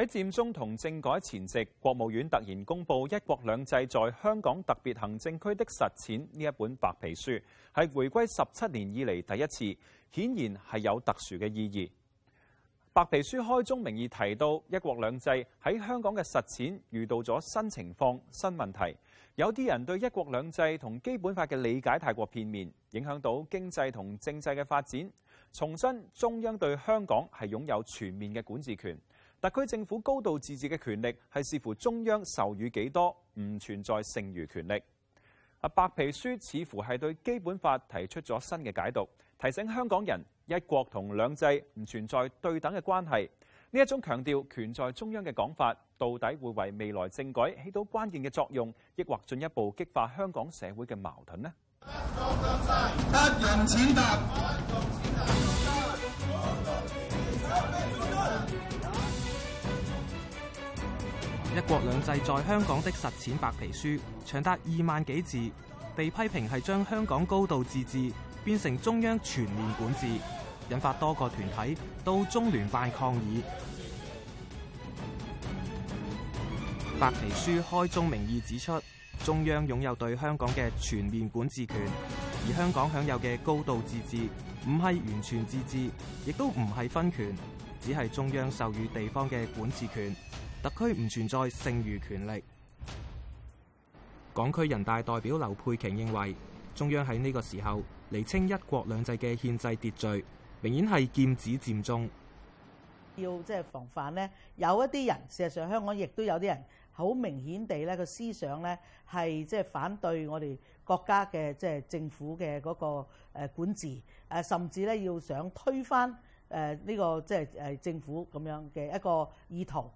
喺佔中同政改前夕，國務院突然公布《一國兩制在香港特別行政區的實踐》呢一本白皮書，係回歸十七年以嚟第一次，顯然係有特殊嘅意義。白皮書開宗明義提到，《一國兩制》喺香港嘅實踐遇到咗新情況、新問題，有啲人對《一國兩制》同基本法嘅理解太過片面，影響到經濟同政制嘅發展。重申中央對香港係擁有全面嘅管治權。特區政府高度自治嘅權力係視乎中央授予幾多，唔存在剩餘權力。白皮書似乎係對基本法提出咗新嘅解讀，提醒香港人一國同兩制唔存在對等嘅關係。呢一種強調權在中央嘅講法，到底會為未來政改起到關鍵嘅作用，抑或進一步激化香港社會嘅矛盾呢？《一國兩制在香港的實踐白皮書》長達二萬幾字，被批評係將香港高度自治變成中央全面管治，引發多個團體到中聯辦抗議。白皮書開宗明義指出，中央擁有對香港嘅全面管治權，而香港享有嘅高度自治，唔係完全自治，亦都唔係分權，只係中央授予地方嘅管治權。特區唔存在剩餘權力。港區人大代表劉佩瓊認為，中央喺呢個時候釐清一國兩制嘅憲制秩序，明顯係劍指佔中，要即係防範呢，有一啲人事實上香港亦都有啲人好明顯地咧，個思想咧係即係反對我哋國家嘅即係政府嘅嗰個管治誒，甚至咧要想推翻誒呢個即係誒政府咁樣嘅一個意圖。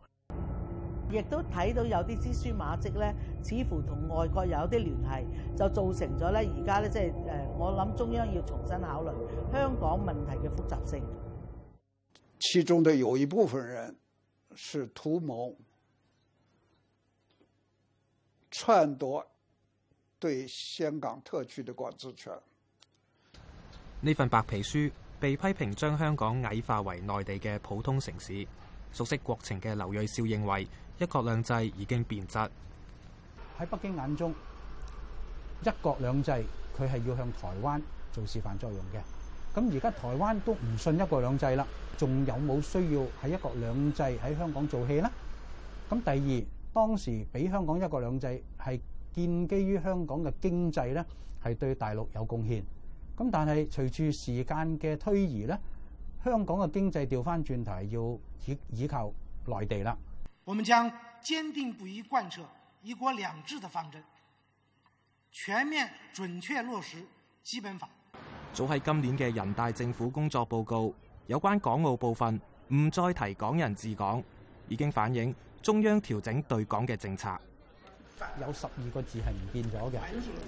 亦都睇到有啲蛛絲馬跡咧，似乎同外國有啲聯繫，就造成咗咧而家咧即係誒，我諗中央要重新考慮香港問題嘅複雜性。其中的有一部分人是圖謀篡奪對香港特區的管治權。呢份白皮書被批評將香港矮化為內地嘅普通城市。熟悉國情嘅劉瑞兆認為，一國兩制已經變質。喺北京眼中，一國兩制佢係要向台灣做示範作用嘅。咁而家台灣都唔信一國兩制啦，仲有冇需要喺一國兩制喺香港做戲呢？咁第二，當時俾香港一國兩制係建基於香港嘅經濟呢，係對大陸有貢獻。咁但係隨住時間嘅推移呢。香港嘅經濟調返轉頭，要倚倚靠內地啦。我們將堅定不移貫徹一國兩制的方針，全面準確落實基本法。早喺今年嘅人大政府工作報告有關港澳部分唔再提港人治港，已經反映中央調整對港嘅政策。有十二個字係唔變咗嘅，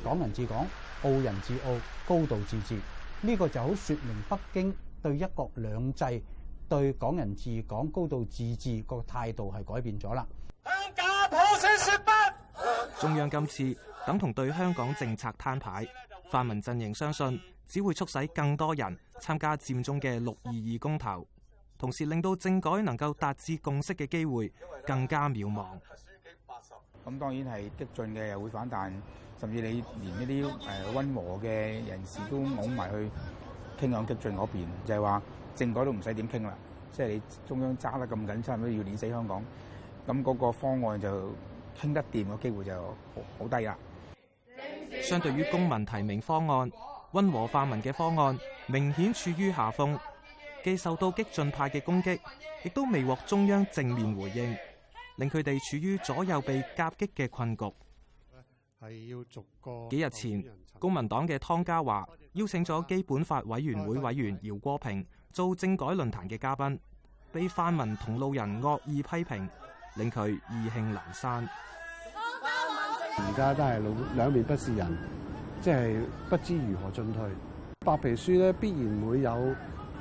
港人治港、澳人治澳、高度自治，治。呢個就好説明北京。對一國兩制、對港人治港、高度自治個態度係改變咗啦。中央今次等同對香港政策攤牌，泛民陣營相信只會促使更多人參加佔中嘅六二二公投，同時令到政改能夠達至共識嘅機會更加渺茫。咁當然係激進嘅又會反彈，甚至你連一啲誒温和嘅人士都擋埋去。傾向激進嗰邊，就係話政改都唔使點傾啦，即係你中央揸得咁緊，差唔多要碾死香港，咁嗰個方案就傾得掂嘅機會就好低啦。相對於公民提名方案，温和泛民嘅方案明顯處於下風，既受到激進派嘅攻擊，亦都未獲中央正面回應，令佢哋處於左右被夾擊嘅困局。係要逐個。幾日前，公民黨嘅湯家驊邀請咗基本法委員會委員饒戈平做政改論壇嘅嘉賓，被泛民同路人惡意批評，令佢意興闌珊。而家都係兩面不是人，即係不知如何進退。白皮書咧必然會有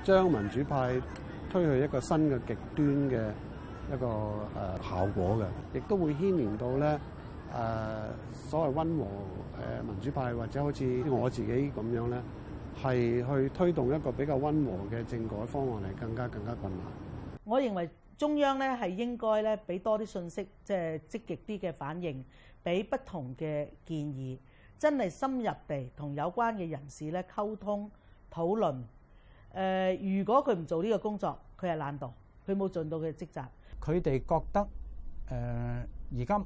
將民主派推去一個新嘅極端嘅一個誒效果嘅，亦都會牽連到咧。誒、呃、所謂温和誒、呃、民主派或者好似我自己咁樣呢，係去推動一個比較温和嘅政改方案嚟，更加更加困難。我認為中央呢，係應該呢俾多啲信息，即係積極啲嘅反應，俾不同嘅建議，真係深入地同有關嘅人士呢溝通討論。誒、呃，如果佢唔做呢個工作，佢係懶惰，佢冇盡到佢嘅職責。佢哋覺得誒而家。呃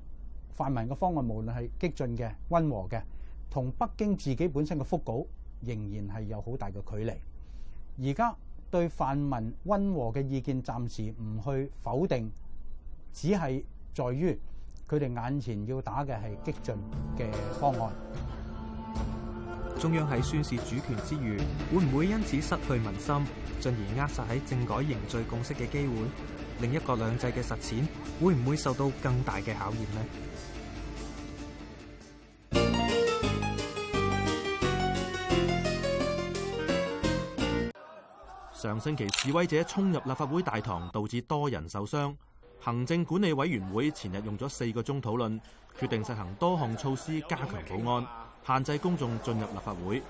泛民嘅方案，無論係激進嘅、温和嘅，同北京自己本身嘅腹稿，仍然係有好大嘅距離。而家對泛民温和嘅意見，暫時唔去否定，只係在於佢哋眼前要打嘅係激進嘅方案。中央喺宣示主權之餘，會唔會因此失去民心，進而扼殺喺政改凝聚共識嘅機會？另一國兩制嘅實踐，會唔會受到更大嘅考驗呢？上星期示威者衝入立法會大堂，導致多人受傷。行政管理委員會前日用咗四個鐘討論，決定實行多項措施加強保安，限制公眾進入立法會。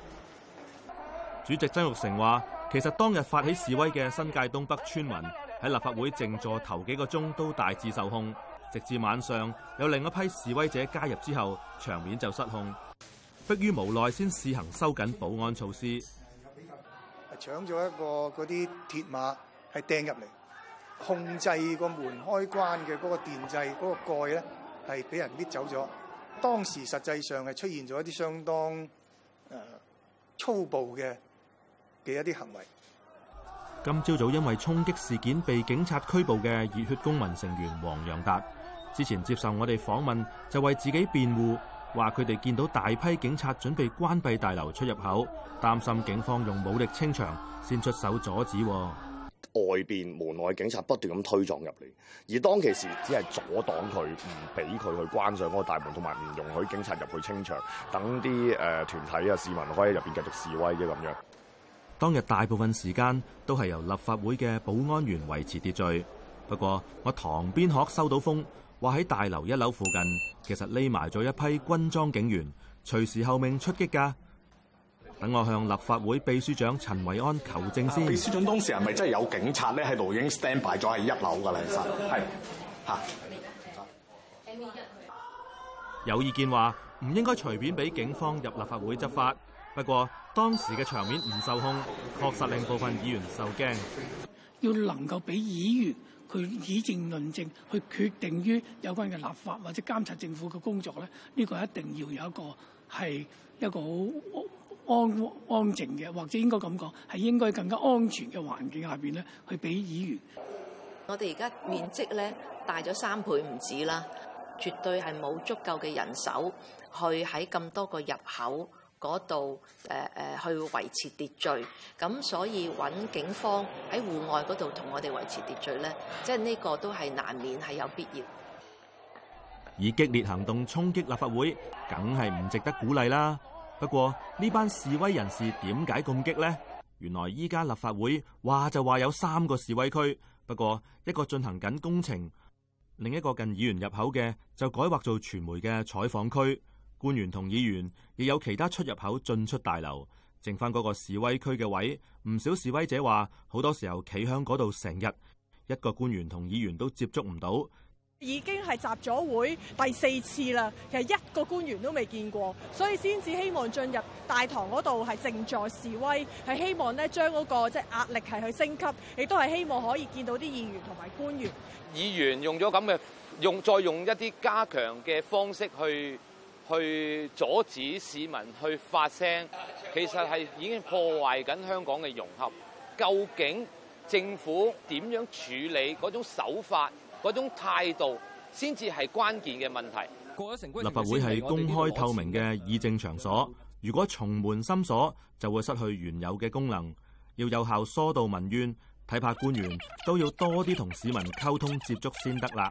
主席曾玉成話，其實當日發起示威嘅新界東北村民喺立法會靜坐頭幾個鐘都大致受控，直至晚上有另一批示威者加入之後，場面就失控，迫於無奈先試行收緊保安措施。搶咗一個嗰啲鐵馬，係掟入嚟，控制個門開關嘅嗰個電掣嗰個蓋咧，係俾人搣走咗。當時實際上係出現咗一啲相當誒粗暴嘅嘅一啲行為。今朝早，早因為衝擊事件被警察拘捕嘅熱血公民成員黃洋達，之前接受我哋訪問就為自己辯護。話佢哋見到大批警察準備關閉大樓出入口，擔心警方用武力清場，先出手阻止。外邊門外警察不斷咁推撞入嚟，而當其時只係阻擋佢，唔俾佢去關上嗰個大門，同埋唔容許警察入去清場，等啲誒團體啊市民可以入邊繼續示威嘅咁樣。當日大部分時間都係由立法會嘅保安員維持秩序。不過我旁邊學收到風，話喺大樓一樓附近，其實匿埋咗一批軍裝警員，隨時候命出擊噶。等我向立法會秘書長陳維安求證先、啊。秘書長，當時係咪真係有警察咧喺度已經 standby 咗喺一樓噶啦？其實係吓。啊、有意見話唔應該隨便俾警方入立法會執法。不過當時嘅場面唔受控，確實令部分議員受驚。要能夠俾議員。佢以政論政，去決定於有關嘅立法或者監察政府嘅工作咧，呢個一定要有一個係一個好安安靜嘅，或者應該咁講係應該更加安全嘅環境下邊咧，去俾議員。我哋而家面積咧大咗三倍唔止啦，絕對係冇足夠嘅人手去喺咁多個入口嗰度誒誒去維持秩序，咁所以揾警方喺戶外嗰度同我哋維持秩序咧，即係呢個都係難免係有必要的。以激烈行動衝擊立法會，梗係唔值得鼓勵啦。不過呢班示威人士點解咁激呢？原來依家立法會話就話有三個示威區，不過一個進行緊工程，另一個近議員入口嘅就改劃做傳媒嘅採訪區。官員同議員，亦有其他出入口進出大樓，剩返嗰個示威區嘅位。唔少示威者話，好多時候企喺嗰度成日，一個官員同議員都接觸唔到，已經係集咗會第四次啦。其實一個官員都未見過，所以先至希望進入大堂嗰度係靜坐示威，係希望咧將嗰個即係壓力係去升級，亦都係希望可以見到啲議員同埋官員。議員用咗咁嘅用，再用一啲加強嘅方式去。去阻止市民去發聲，其實，係已經破壞緊香港嘅融合。究竟政府點樣處理嗰種手法，嗰種態度，先至係關鍵嘅問題。立法會，係公開透明嘅議政場所，如果重門深鎖就會失去原有嘅功能。要有效疏導民怨，睇怕官員都要多啲同市民溝通接觸先得啦。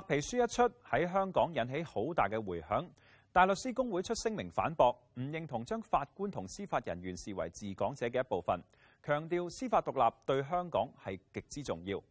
白皮書一出喺香港引起好大嘅回響，大律師公會出聲明反駁，唔認同將法官同司法人員視為治港者嘅一部分，強調司法獨立對香港係極之重要。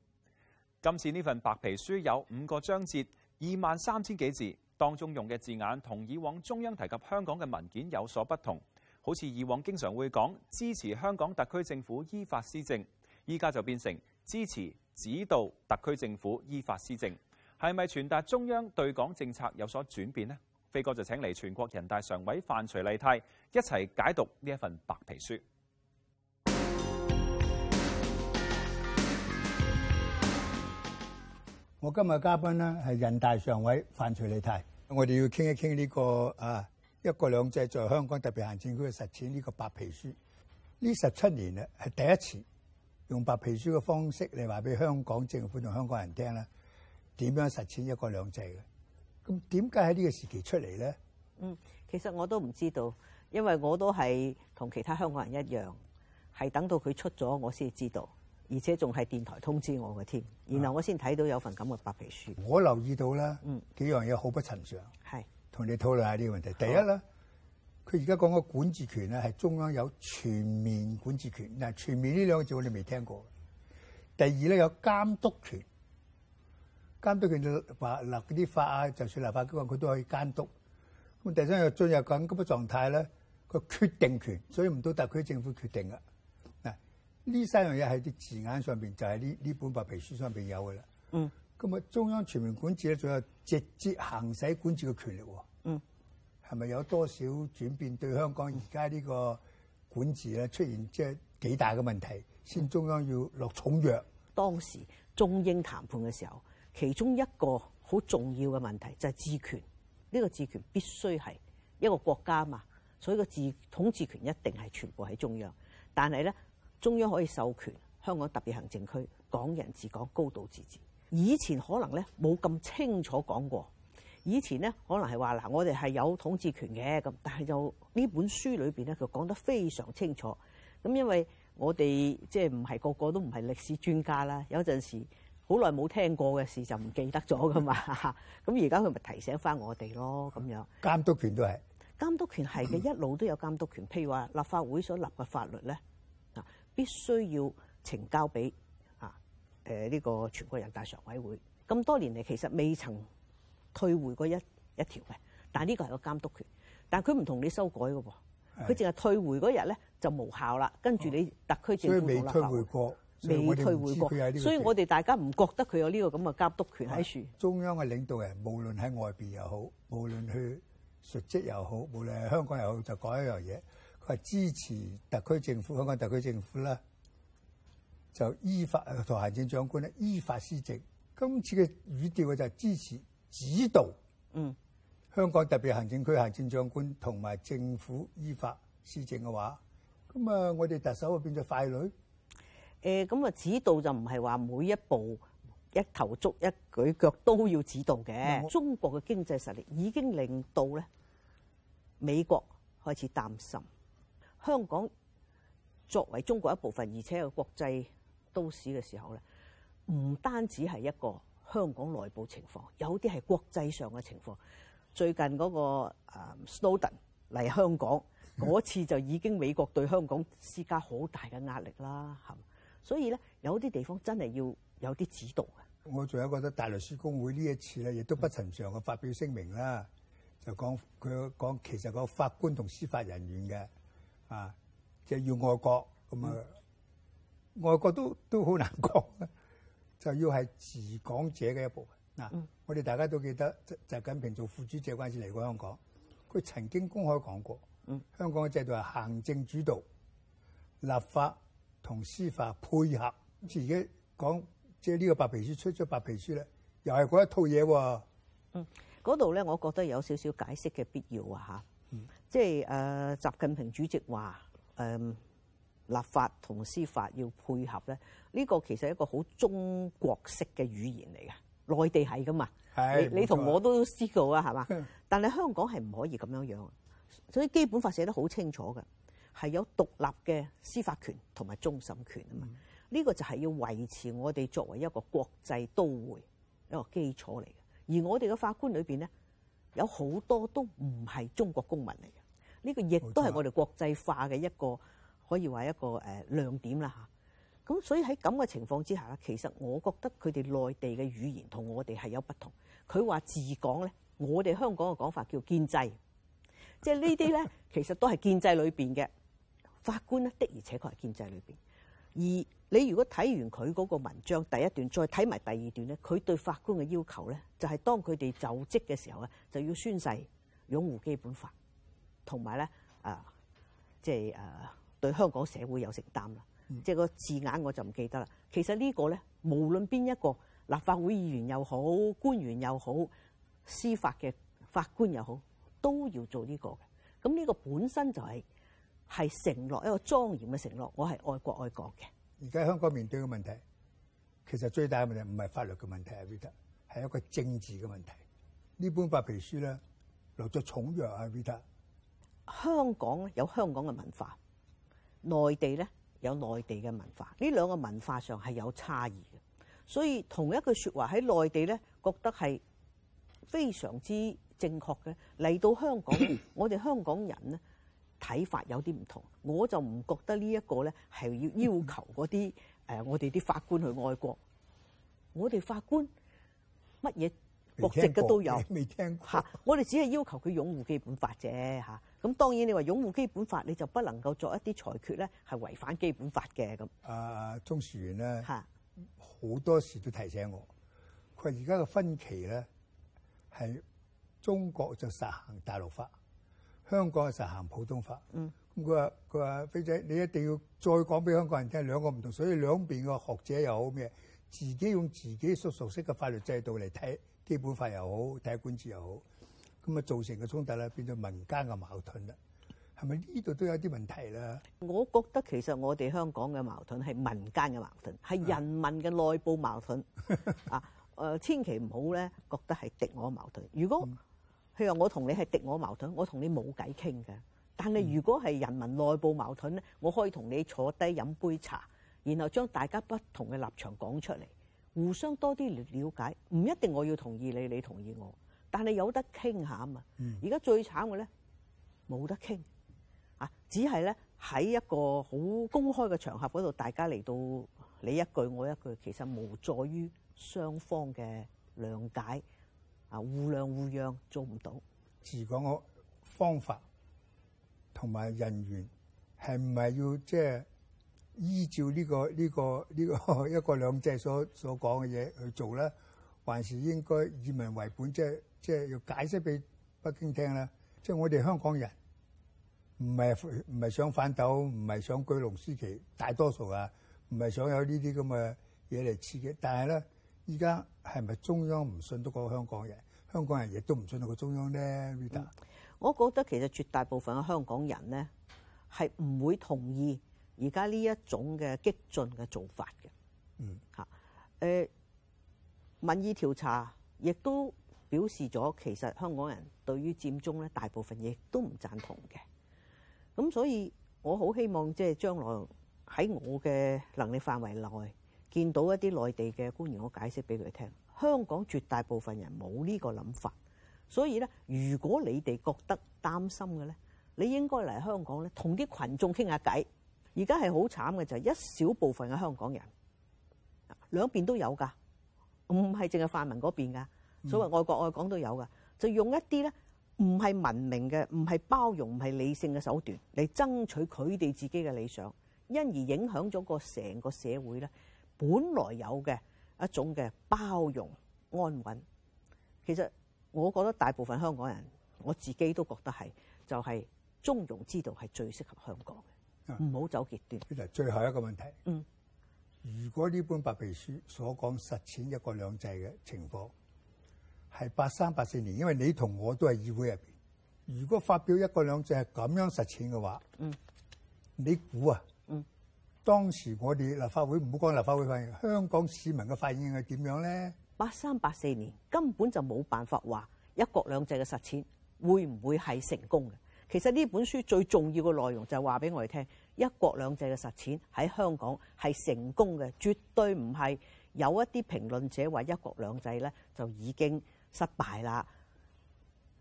今次呢份白皮書有五個章節，二萬三千幾字，當中用嘅字眼同以往中央提及香港嘅文件有所不同，好似以往經常會講支持香港特區政府依法施政，依家就變成支持指導特區政府依法施政。係咪傳達中央對港政策有所轉變呢？飛哥就請嚟全國人大常委范徐麗泰一齊解讀呢一份白皮書。我今日嘅嘉賓呢係人大常委范徐麗泰，我哋要傾一傾呢個啊一國兩制在香港特別行政區嘅實踐呢個白皮書。呢十七年啊，係第一次用白皮書嘅方式嚟話俾香港政府同香港人聽啦。點樣實踐一國兩制嘅？咁點解喺呢個時期出嚟咧？嗯，其實我都唔知道，因為我都係同其他香港人一樣，係等到佢出咗我先知道，而且仲係電台通知我嘅添。然後我先睇到有份咁嘅白皮書。嗯、我留意到啦，嗯、幾樣嘢好不尋常。係同是你討論一下呢個問題。第一咧，佢而家講嘅管治權咧係中央有全面管治權嗱，全面呢兩個字我哋未聽過。第二咧有監督權。監督權就立立嗰啲法啊，就算立法機關佢都可以監督。咁第三又進入緊咁嘅狀態咧，個決定權，所以唔到特區政府決定啊。嗱，呢三樣嘢喺啲字眼上邊，就係呢呢本白皮書上邊有嘅啦。嗯。咁啊，中央全面管治咧，仲有直接行使管治嘅權力喎。嗯。係咪有多少轉變對香港而家呢個管治咧出現即係幾大嘅問題，先中央要落重藥？當時中英談判嘅時候。其中一個好重要嘅問題就係治權，呢個治權必須係一個國家嘛，所以個治統治權一定係全部喺中央。但係咧，中央可以授權香港特別行政區，港人治港，高度自治。以前可能咧冇咁清楚講過，以前咧可能係話嗱，我哋係有統治權嘅咁，但係就呢本書裏邊咧，佢講得非常清楚。咁因為我哋即係唔係個個都唔係歷史專家啦，有陣時。好耐冇聽過嘅事就唔記得咗噶嘛，咁而家佢咪提醒翻我哋咯咁樣。監督權都係。監督權係嘅，一路都有監督權。譬如話立法會所立嘅法律咧，啊必須要呈交俾啊誒呢個全國人大常委會。咁多年嚟其實未曾退回過一一條嘅，但係呢個係個監督權。但係佢唔同你修改嘅喎，佢淨係退回嗰日咧就無效啦。跟住你特區政府，哦、所以未退回過。未退回國，所以我哋大家唔覺得佢有呢個咁嘅監督權喺處。中央嘅領導人無論喺外邊又好，無論去述職又好，無論喺香港又好，就講一樣嘢，佢係支持特區政府，香港特區政府咧就依法同行政長官咧依法施政。今次嘅語調嘅就係支持指導，嗯，香港特別行政區行政長官同埋政府依法施政嘅話，咁啊，我哋特首啊變咗傀儡。誒咁啊，指導就唔係話每一步一頭足一舉腳都要指導嘅。中國嘅經濟實力已經令到咧美國開始擔心。香港作為中國一部分，而且有國際都市嘅時候咧，唔單止係一個香港內部情況，有啲係國際上嘅情況。最近嗰個 Snowden 嚟香港嗰次就已經美國對香港施加好大嘅壓力啦，係嘛？所以咧，有啲地方真係要有啲指導的。嘅。我仲有覺得大律師公會呢一次咧，亦都不尋常嘅發表聲明啦，嗯、就講佢講其實個法官同司法人員嘅啊，就要外國咁啊，嗯、外國都都好難講，就要係治港者嘅一部分嗱。啊嗯、我哋大家都記得習近平做副主席嗰陣時嚟過香港，佢曾經公開講過，嗯、香港嘅制度係行政主導立法。同司法配合，自己而講，即係呢個白皮書出咗白皮書咧，又係講一套嘢喎。嗯，嗰度咧，我覺得有少少解釋嘅必要啊吓，嗯，即係誒、呃，習近平主席話誒、呃，立法同司法要配合咧。呢、呢個其實係一個好中國式嘅語言嚟嘅，內地係噶嘛。係是。你同錯、啊、我都知道啊，係嘛？但係香港係唔可以咁樣樣，所以基本法寫得好清楚嘅。係有獨立嘅司法權同埋終審權啊嘛，呢個就係要維持我哋作為一個國際都會一個基礎嚟嘅。而我哋嘅法官裏邊咧，有好多都唔係中國公民嚟嘅，呢個亦都係我哋國際化嘅一個可以話一個誒亮點啦吓，咁所以喺咁嘅情況之下咧，其實我覺得佢哋內地嘅語言同我哋係有不同。佢話自講咧，我哋香港嘅講法叫建制，即係呢啲咧其實都係建制裏邊嘅。法官咧的而且確係建制裏邊，而你如果睇完佢嗰個文章第一段，再睇埋第二段咧，佢對法官嘅要求咧，就係當佢哋就職嘅時候啊，就要宣誓擁護基本法，同埋咧啊，即係啊對香港社會有承擔啦。即係個字眼我就唔記得啦。其實呢個咧，無論邊一個立法會議員又好，官員又好，司法嘅法官又好，都要做呢個嘅。咁呢個本身就係。係承諾，一個莊嚴嘅承諾，我係愛國愛國嘅。而家香港面對嘅問題，其實最大嘅問題唔係法律嘅問題啊，阿 Rita，係一個政治嘅問題。呢本白皮書咧，落咗重藥啊，Rita，香港有香港嘅文化，內地咧有內地嘅文化，呢兩個文化上係有差異嘅。所以同一句説話喺內地咧，覺得係非常之正確嘅；嚟到香港， 我哋香港人咧。睇法有啲唔同，我就唔覺得呢一個咧係要要求嗰啲誒，我哋啲法官去愛國，我哋法官乜嘢國籍嘅都有，未聽過吓、啊，我哋只係要求佢擁護基本法啫，吓、啊，咁、啊、當然你話擁護基本法，你就不能夠作一啲裁決咧係違反基本法嘅咁。啊鍾樹源咧，吓好、啊啊、多時都提醒我，佢話而家嘅分歧咧係中國就實行大陸法。香港係實行普通法，咁佢話佢話飛哥，你一定要再講俾香港人聽，兩個唔同，所以兩邊嘅學者又好咩，自己用自己熟熟悉嘅法律制度嚟睇基本法又好睇管治又好，咁啊造成嘅衝突咧變咗民間嘅矛盾啦，係咪呢度都有啲問題啦？我覺得其實我哋香港嘅矛盾係民間嘅矛盾，係人民嘅內部矛盾啊，誒、 啊、千祈唔好咧覺得係敵我矛盾，如果、嗯譬如我同你係敵我矛盾，我同你冇偈傾嘅。但係如果係人民內部矛盾咧，我可以同你坐低飲杯茶，然後將大家不同嘅立場講出嚟，互相多啲了解。唔一定我要同意你，你同意我。但係有得傾下啊嘛。而家最慘嘅咧，冇得傾啊！只係咧喺一個好公開嘅場合嗰度，大家嚟到你一句我一句，其實無助於雙方嘅諒解。啊，互諒互讓做唔到，治港嘅方法同埋人員係唔係要即係依照呢個呢個呢個一國兩制所所講嘅嘢去做咧？還是應該以民為本，即係即係要解釋俾北京聽啦。即係我哋香港人唔係唔係想反斗，唔係想舉龍獅旗，大多數啊唔係想有呢啲咁嘅嘢嚟刺激，但係咧。依家係咪中央唔信得過香港人？香港人亦都唔信得過中央咧，Rita？嗯。我覺得其實絕大部分嘅香港人咧係唔會同意而家呢一種嘅激進嘅做法嘅。嗯，嚇、啊，誒民意調查亦都表示咗，其實香港人對於佔中咧大部分亦都唔贊同嘅。咁所以我好希望即係將來喺我嘅能力範圍內。見到一啲內地嘅官員，我解釋俾佢聽，香港絕大部分人冇呢個諗法，所以咧，如果你哋覺得擔心嘅咧，你應該嚟香港咧，同啲群眾傾下偈。而家係好慘嘅就係、是、一小部分嘅香港人，兩邊都有㗎，唔係淨係泛民嗰邊㗎，所謂愛國愛港都有㗎，就用一啲咧唔係文明嘅、唔係包容、唔係理性嘅手段嚟爭取佢哋自己嘅理想，因而影響咗個成個社會咧。本來有嘅一種嘅包容安穩，其實我覺得大部分香港人，我自己都覺得係，就係、是、中庸之道係最適合香港嘅，唔好、嗯、走極端。呢就係最後一個問題，嗯，如果呢本白皮書所講實踐一國兩制嘅情況係八三八四年，因為你同我都係議會入邊，如果發表一國兩制係咁樣實踐嘅話，嗯，你估啊？當時我哋立法會唔好講立法會反應，香港市民嘅反應係點樣咧？八三八四年根本就冇辦法話一國兩制嘅實踐會唔會係成功嘅。其實呢本書最重要嘅內容就係話俾我哋聽，一國兩制嘅實踐喺香港係成功嘅，絕對唔係有一啲評論者話一國兩制咧就已經失敗啦。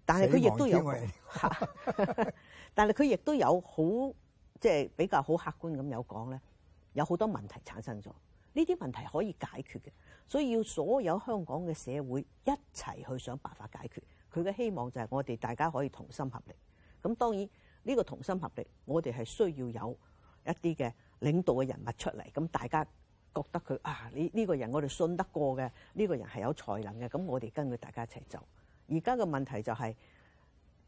但係佢亦都有，但係佢亦都有好即係比較好客觀咁有講咧。有好多問題產生咗，呢啲問題可以解決嘅，所以要所有香港嘅社會一齊去想辦法解決，佢嘅希望就係我哋大家可以同心合力。咁當然，呢個同心合力，我哋係需要有一啲嘅領導嘅人物出嚟，咁大家覺得佢啊，呢呢個人我哋信得過嘅，呢個人係有才能嘅，咁我哋跟佢大家一齊走。而家嘅問題就係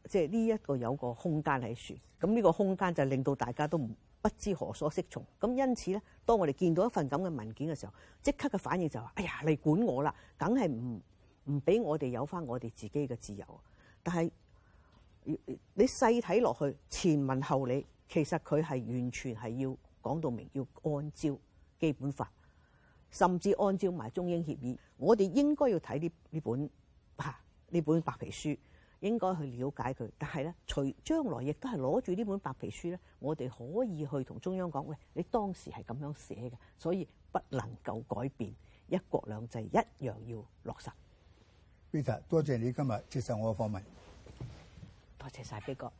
即係呢一個有個空間喺處，咁呢個空間就令到大家都唔。不知何所適從，咁因此呢，當我哋見到一份咁嘅文件嘅時候，即刻嘅反應就話，是，哎呀，你管我啦，梗係唔唔俾我哋有返我哋自己嘅自由。但係你細睇落去前文後理，其實佢係完全係要講到明，要按照基本法，甚至按照埋中英協議，我哋應該要睇呢呢本呢本白皮書。應該去了解佢，但係咧，除將來亦都係攞住呢本白皮書咧，我哋可以去同中央講：喂，你當時係咁樣寫嘅，所以不能夠改變。一國兩制一樣要落實。Peter，多謝你今日接受我嘅訪問。多謝晒，飛哥。